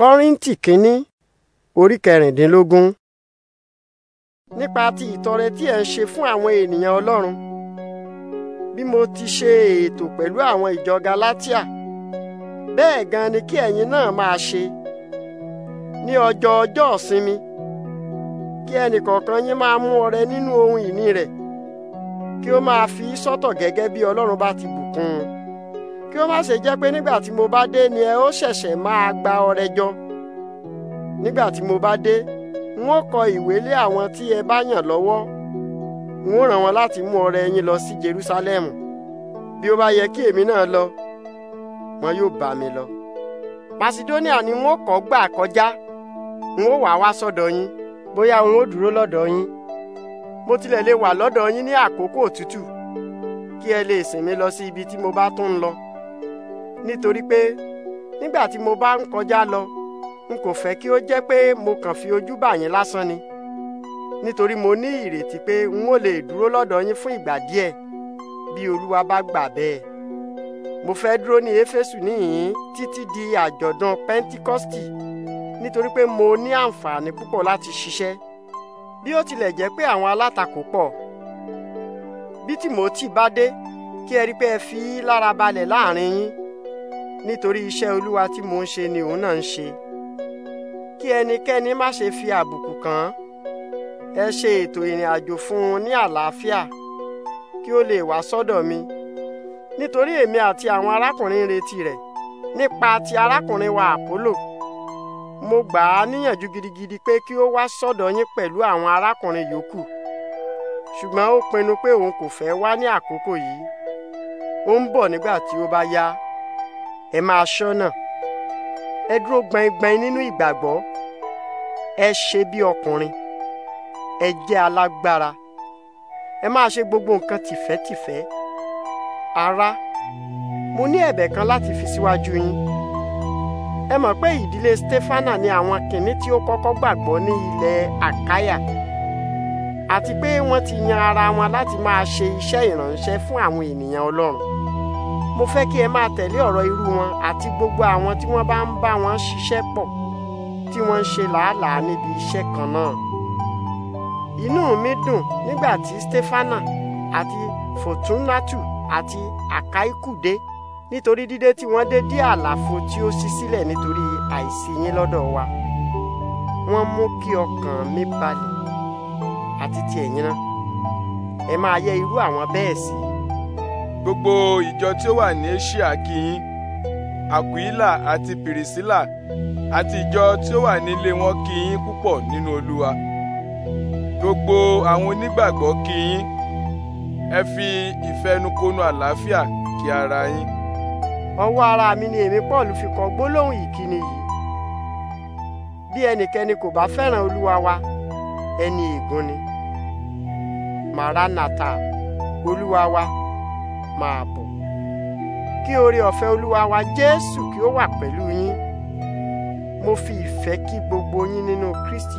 kọ́ríntì kínní orí kẹrìndínlógún. nípa ti ìtọrẹ tí ẹ ń ṣe fún àwọn ènìyàn ọlọ́run bí mo ti ṣe ètò pẹ̀lú àwọn ìjọ Galatia bẹ́ẹ̀ gan ni kí ẹ̀yin náà máa ṣe ní ọjọ́ ọjọ́ ìsinmi kí ẹnìkọ̀ọ̀kan yín máa mú ọrẹ nínú ohun ìní rẹ̀ kí ó máa fi sọ́tọ̀ gẹ́gẹ́ bí ọlọ́run bá ti bùkún un kí ó má ṣe jẹ́ pé nígbà tí mo bá dé ni ẹ ó ṣẹ̀ṣẹ̀ máa gba ọrẹ jọ nígbà tí mo bá dé n ó kọ ìwé lé àwọn tí ẹ bá yàn lọ́wọ́ n ó ràn wọ́n láti mú ọrẹ yín lọ sí Jerúsálẹ́mù bí ó bá yẹ kí èmi náà lọ wọn yóò bá mi lọ Masidóníà ni n ó kọ́ gbà kọjá n ó wà wá sọ́dọ̀ yín bóyá n ó dúró lọ́dọ̀ yín mo tilẹ̀ lè wà lọ́dọ̀ yín ní àkókò òtútù kí ẹ lè sìn mí lọ sí ibi tí mo bá tún ń lọ nítorí pé nígbà tí mo bá ń kọjá lọ n kò fẹ́ kí ó jẹ́ pé mo kàn fi ojú bà yín lásán ni nítorí mo ní ìrètí pé n ó lè dúró lọ́dọ̀ yín fún ìgbà díẹ̀ bí olúwa bá gbà bẹ́ẹ̀ mo fẹ́ dúró ní éfésù níhìn títí di àjọ̀dún pentikọ́stì nítorí pé mo ní àǹfààní púpọ̀ láti ṣiṣẹ́ bí ó tilẹ̀ jẹ́ pé àwọn alátakò pọ̀ bí Tímótì bá dé kí ẹ rí pé ẹ fi í lára balẹ̀ láàrin yín nítorí iṣẹ́ olúwa tí mò ń ṣe ni òun náà ń ṣe kí ẹnikẹ́ni má ṣe fi àbùkù kàn án ẹ ṣe ètò ìrìn àjò fún un ní àlàáfíà kí ó lè wá sọ́dọ̀ mi nítorí èmi àti àwọn arákùnrin ń retí rẹ̀ nípa ti arákùnrin wa àpólò mo gbà á níyànjú gidigidi pé kí ó wá sọ́dọ̀ yín pẹ̀lú àwọn arákùnrin yòókù ṣùgbọ́n ó pinnu pé òun kò fẹ́ wá ní àkókò yìí ó ń bọ̀ nígbà tí ó bá yá ẹ máa ṣọ́nà ẹ dúró gbaingbain nínú ìgbàgbọ́ ẹ ṣe bí ọkùnrin ẹ jẹ́ alágbára ẹ máa ṣe gbogbo nǹkan tìfẹ́tìfẹ́ ará mo ní ẹ̀bẹ̀ kan láti fi síwájú yín ẹ mọ̀ pé ìdílé Stefana ni àwọn kìnní tí ó kọ́kọ́ gbàgbọ́ ní ilẹ̀ Àkáyà àti pé wọ́n ti yan ara wọn láti máa ṣe iṣẹ́ ìrànṣẹ́ fún àwọn ènìyàn Ọlọ́run mo fẹ́ kí ẹ máa tẹ̀lé ọ̀rọ̀ irú wọn àti gbogbo àwọn tí wọ́n bá ń bá wọn ṣiṣẹ́ pọ̀ tí wọ́n ń ṣe làálàá níbi iṣẹ́ kan náà. inú mi dùn nígbà tí Stefana àti Fortunatu àti Akaiku dé nítorí dídé tí wọ́n dé dí àlàfo tí ó ṣí sílẹ̀ nítorí àìsí yín lọ́dọ̀ wa wọ́n mú kí ọkàn mi balẹ̀ àti ti ẹ̀yin náà ẹ máa yẹ irú àwọn bẹ́ẹ̀ sí i gbogbo ìjọ tí ó wà ní Asia kí yín Àkwílà àti Pìrìsílà àti ìjọ tí ó wà nílé wọn kí yín púpọ̀ nínú Olúwa gbogbo àwọn onígbàgbọ́ kí yín ẹ fi ìfẹnukonu àlàáfíà kí ara yín. ọwọ́ ara mi ni èmi Paul fi kọ gbólóhùn ìkíni yìí bí ẹnikẹ́ni kò bá fẹ́ràn Olúwa wa ẹni ègún ni Maranatha Olúwa wa máa bọ̀ kí oore ọ̀fẹ́ olúwa wa jésù kí ó wà pẹ̀lú yín mo fi ìfẹ́ kí gbogbo yín nínú kristi